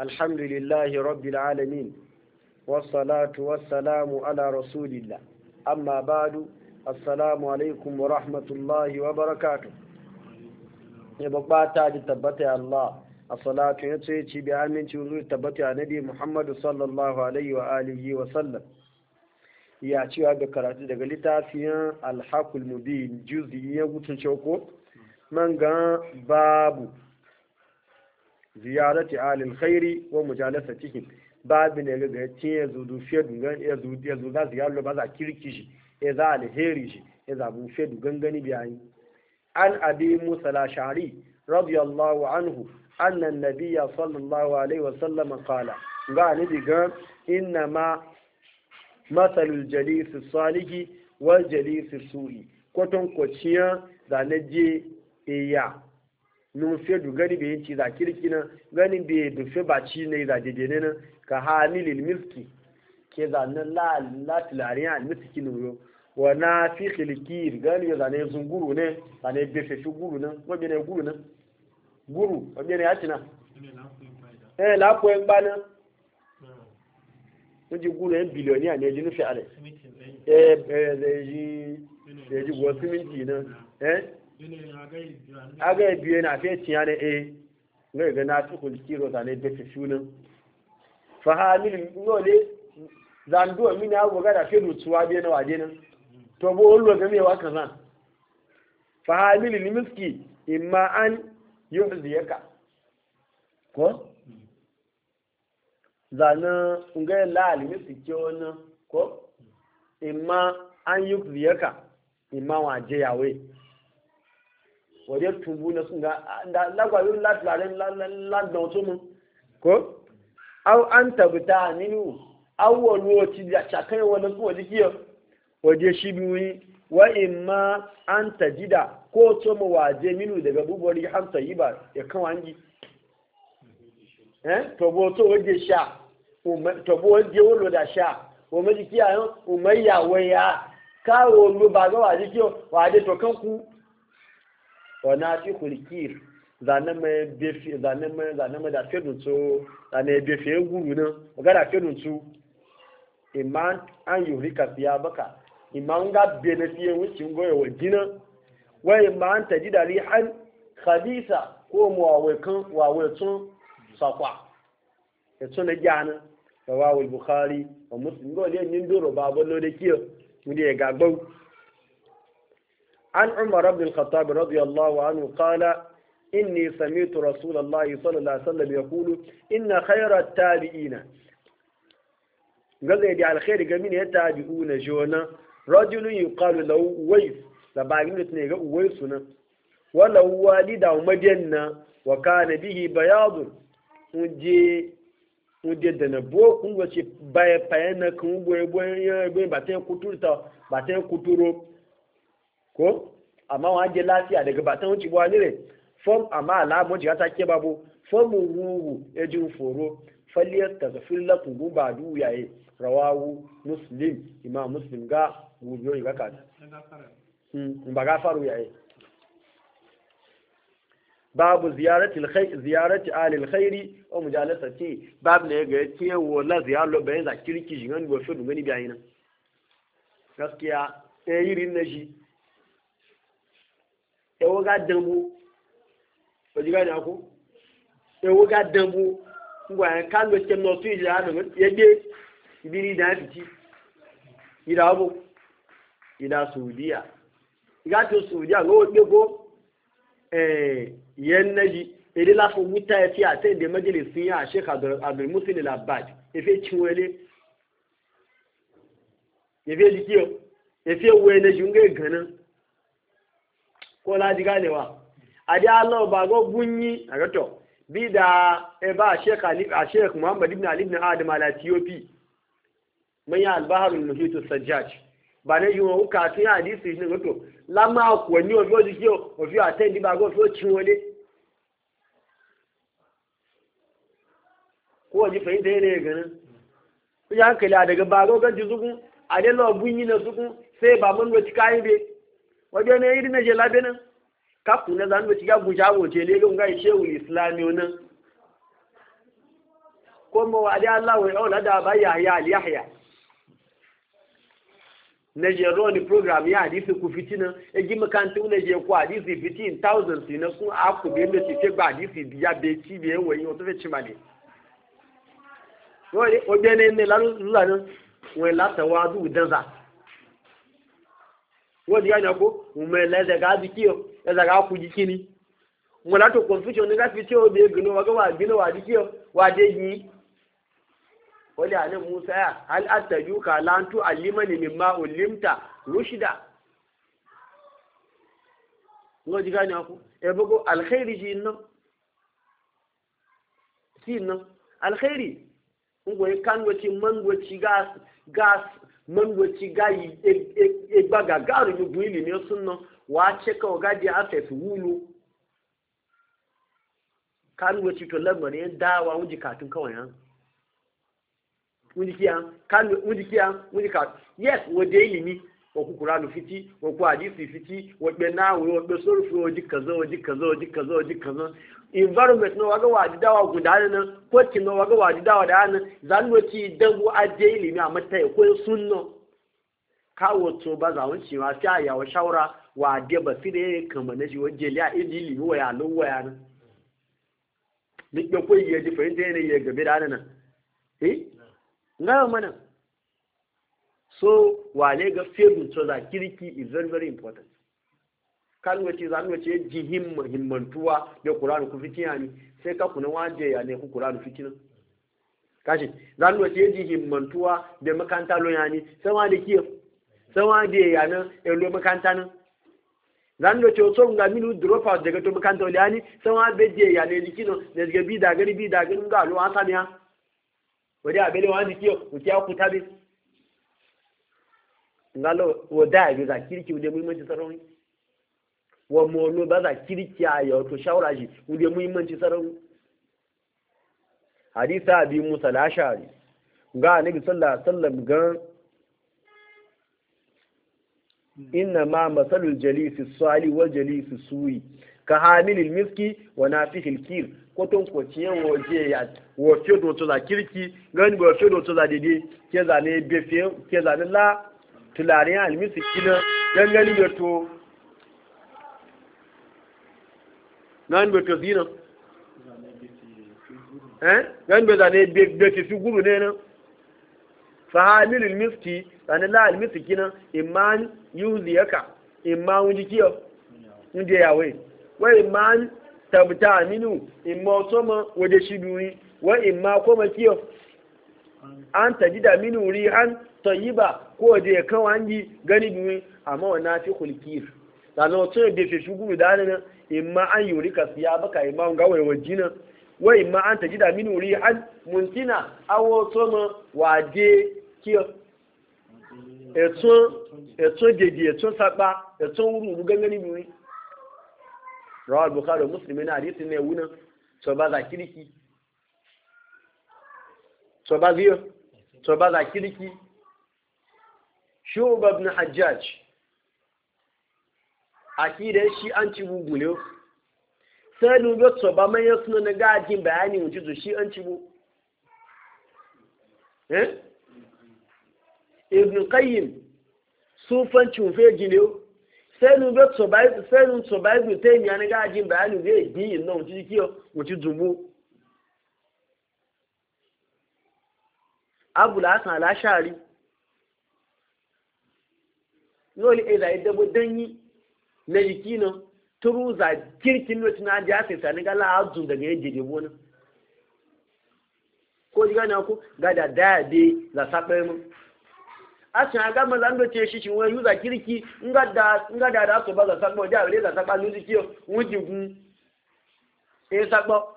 الحمد لله رب العالمين والصلاة والسلام على رسول الله أما بعد السلام عليكم ورحمة الله وبركاته يبقى تبتي الله الصلاة يتسيتي بآمن تنظر تبتي نبي محمد صلى الله عليه وآله وسلم ya cewa da karatu daga littafin alhakul mubin juzi ya gutun shauko man ga babu ziyarati alil khairi wa mujalasatihim babu ne ga tin ya zudu fiye dungan ya zudu ya zuga ziyarlo ba za kirki shi ya za alheri shi ya za bu fiye dungan gani biyayi an abi musa la shari radiyallahu anhu anna nabiyya sallallahu alaihi wa sallam qala ga ni diga inna ma masalul jalis salihi wal jalis su'i kwaton kwaciya da naje iya numfe du gani bai yanci za kirki nan gani bai dufe ba ci ne za dede na ka hamilil miski ke za na la tilariya almiski ne yo wa na fi khilikir gani za ne guru ne za ne befe shi guru nan wabi ne guru na guru wabi ne yaci na eh la ko en guru en biliyoniya ne ji nufe ale eh eh da eh, ji da ji go siminti aga biye na fe tiya ne e eh, ngai ga na tukul kiro da ne da fi shunin fa hamil yole zando min ya buga da fe rutuwa biye na waje nan to bo ulwa ga mewa wa kaza fa hamil ni miski imma an yuhdiyaka ko zana ngai la alimi ke wannan ko imma an yuhdiyaka imma waje yawe wajen tubu na sun ga da lagwayo latlaren lardon su mun ko au an tabbata minu awon woci da cakai wani kuma jikiyar waje shi biyu wa ma an ta tajida ko to mu waje minu daga bubori hamsa yi ba ya kan wangi eh to bo to waje sha to bo waje wolo da sha wo ma jikiya umayya waya kawo lu ba ga waje kiyo waje to kan ku wa na fi hulkir zanen mai da fi nutsu zanen bai fi guru nan ga da fi nutsu iman an yi rika fiya baka iman ga benefiye wucin goya wa gina wa iman ta ji da rihan khabisa ko mu muwawaikan wawaitun sakwa ya e tuna gyana da wawul bukhari wa muslim dole yin doro babu lo da kiyo mu da ya gagbawu عن عمر بن الخطاب رضي الله عنه قال إني سميت رسول الله صلى الله عليه وسلم يقول إن خير التابعين قال لي على خير جميل يتابعون جونا رجل يقال له ويس سبعين اثنين ويسنا ولو والدة مدينة وكان به بياض ونجي wunde dana bo kungo si baye payana kungo ebo ebo baten kuturta baten kuturo ko amma wọn je lafiya daga batan wuce ba ne form amma àmà aláàmọ́ ta ke babu form ruhu ejin foro faliyar ta zafin lakum gumba duyaye rawawu muslim imam muslim ga gubiyo ga kada hmm, ba gafaru yaye babu ziyarati alkhair ziyarati ahli alkhair wa mujalasati bab ne ga yace wala ziyarlo bayan za kirki jingan go fi dungani bayina gaskiya eh yirin na shi ẹwọ́ gá dánbó ọjíká ní akó ẹwọ́ gá dánbó ngbà yẹn ká lọ tẹmọ tó ìlà àdàmọ yẹgbẹ ìbírí ìdá àbìtì ìdá ọbọ ìdá sòwòdíà ìgá tó sòwòdíà lọ́wọ́ gbégbó ìyẹn nẹ́yìí èdè láfọ èdè mẹ́jẹ̀lẹ̀ efe tiwọlé efe dìkíọ efe wọ ẹnẹ́jì ko laji ganewa a dai Allah ba go bunyi a gato bi da e ba a Muhammad ibn Ali ibn Adam ala TOP man ya al-baharul sajjaj ba ne yi wọn ka tun hadisi ni gato la ni ba go fi o ko wani fahimta ne ganin ku ya hankali a daga ba go kan ji zugun a dai bunyi na zugun sai ba mun wata kayi waje ne irin na jelabe nan kafin na zanu ci ya guja wote le ga ngai shehu islami ona ko mo wa da Allah wa da ba ya yahya na je program ya hadisi ku fitina e gi makantu na je ku hadisi 15000 sina ku aku be me ti te gba hadisi biya be ti be wo yin o to fe chimale wo o ne ne la lu la no we la wọ́n ti yára kó mọ̀ ẹ̀lẹ́sẹ̀ ká bí kí ọ ẹ̀sẹ̀ ká kú jí kí ni mọ̀ látò confusion ní ká tí ó de gbìnà wà wà gbìnà wà dí kí ọ wà dé yìí wọ́n lè àlẹ́ musa yà alátàjú ká láńtú àlímọ́nì mi má òlímta rúṣìdà wọ́n ti yára kó ẹ̀bọ́kọ́ alkhairi sí iná sí iná ń gbọ́ ti ti gáàsì man wace gayi e gbaga e, e ga ni buili ne sun nan wa ce ka ga je a wulu kan wace to lamarin yan dawa wuji katun kawai ha wuji kiya kan wuji kiya wuji ka yes waje ilimi waku kuranu fiti waku hadisi fiti gbe wakpe nawe gbe sorufu waji kaza waji kaza waji kaza waji kaza environment ga wa waji dawa guda nan wa ga wa waji dawa da nan zan wace dabu ajiye ilimi a mata ya kwen sunna kawo to ba za wanci cewa sai a yawa shawara wa de ba fi da ya kama na shi wajen liya iji ilimi wa ya lo wa ya nan duk da kwaye ya ji fahimta yanayi ya gabe da na. eh ngaya mana so wale ga febun so da kirki is very very important kan wace za mu wace jihim himmantuwa da Qur'ani ku fitina ne sai ka kuna waje ya ne ku Qur'ani fitina kashi za mu wace jihim himmantuwa da makanta lo ya ne sai ma da kiyo sai ma da ya nan elo makanta nan za mu wace so ga minu drop out daga to makanta lo ya ne sai ma da je ya ne likino da ga bi da gari bi da gari ga lo asaliya wadi abele wa dikiyo ku ku bi ngalo wo da ya za kirki wuje muhimmanci sarauni wa molo ba za kirki a yau to shawara shi wuje muhimmanci sarauni hadisa abi musa lashari ga annabi sallallahu alaihi wasallam ga inna ma masalul jalisi sali wal jalisi suyi ka hamilil miski wa nafihil kir kwaton kwaciyen waje ya wafe doto za kirki gani ba wafe doto za dede ke zane befe ke zane la tularin almisu kina gangani beto nan beto zina eh gan be zane beti fi guru ne na fa hamilul miski zane la almisu kina imman yuziyaka imman wuji kiyo ndi yawe wa imman tabta aminu imma soma wade shiduri wa imma koma kiyo an taji da mini wuri an tayyiba ko kawo kan yi gani dumi amma wa nafi da na wato da fe da nan ma an yi ka siya baka imma gawar wai ma an taji da wuri an muntina awo to waje kiyo eto eto eto sapa eto wuru bukhari na hadisi ne tọba biyo tọba za kirki shuba ibn hajjaj akida shi an ci bugule sai nu ga tọba manya suna na gajin bayani mu jizo shi an ci bu eh ibn qayyim sufan cufe gile sai nu ga tọba sai nu tọba ibn taymiya na gajin bayani zai bi nan mu jizo mu jizo abu lasan alashari yoli eza eh, ida bo danyi na jiki nan turu za kirkin lo tuna ja sai tani ga la azun daga yaje de bona ko diga na ku ga da da de za sabe mu asan ga ma zan do ce shi shin wai yuza kirki nga da da da so ba za sabo da wale za sabo lu kiyo wujin gun e sabo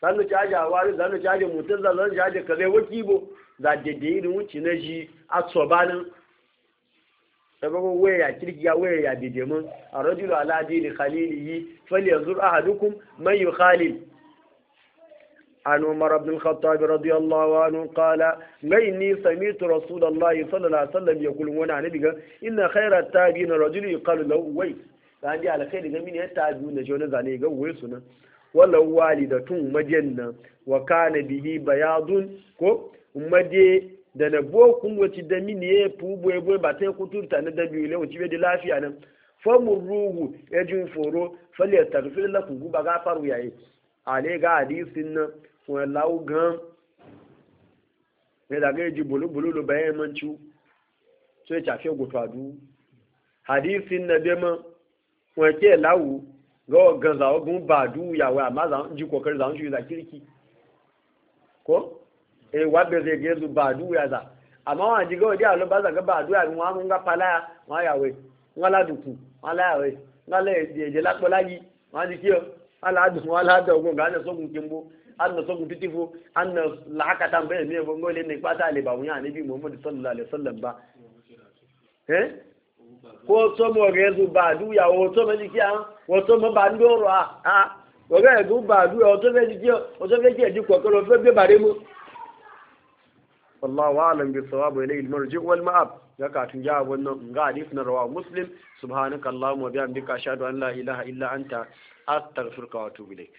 zanu caje awari zanu caji mutum zanu caje kaze waki bo za dede irin wuce na ji a tsobanin sababin waya kirki ya waya ya dede mun a rajulu aladi da khalili yi fali yanzu a hadukum man yi khalil عن عمر ni sami رضي الله عنه قال غيني سمعت رسول الله صلى الله عليه وسلم يقول وانا نبي ان خير التابعين رجل يقال له ويس عندي على خير من التابعين جون زاني ga wai sunan walau walidatun majen nan wa kana bihi bayadun ko umade da na bo kun wati da mini ya fi boye boye ba ta kuturta na da biyu lewun cibe da lafiya nan famun ruhu ya jin foro faliyar tarfin na guba ba faru yayi ale ga hadisin nan wani laugan ya daga ya bulubulu da bayan manci sai hadisin na bema ke ga ga zawo ba du yawa amma za ji kokari za ji za kirki ko e wa be ze gezu ba du ya za amma wa ji ga wadi a lo ba za ga ba du ya wa mun ga pala wa yawe wa la duku wa la yawe wa le je je la pola yi wa ji kiyo ala du wa ala do gun ga na so gun kimbo an na so titifo an na la haka tambaye me bo ngole ne pata le ba wuya ne bi muhammad sallallahu alaihi wasallam ba eh ko tó mọ̀ rẹ̀ ba bàdú ya tó to me diki an o to mo ba a a o re du ba fẹ́ e ko ya wannan ga hadith na rawa muslim subhanakallahumma wa bihamdika ashhadu an la ilaha illa anta astaghfiruka wa atubu ilayk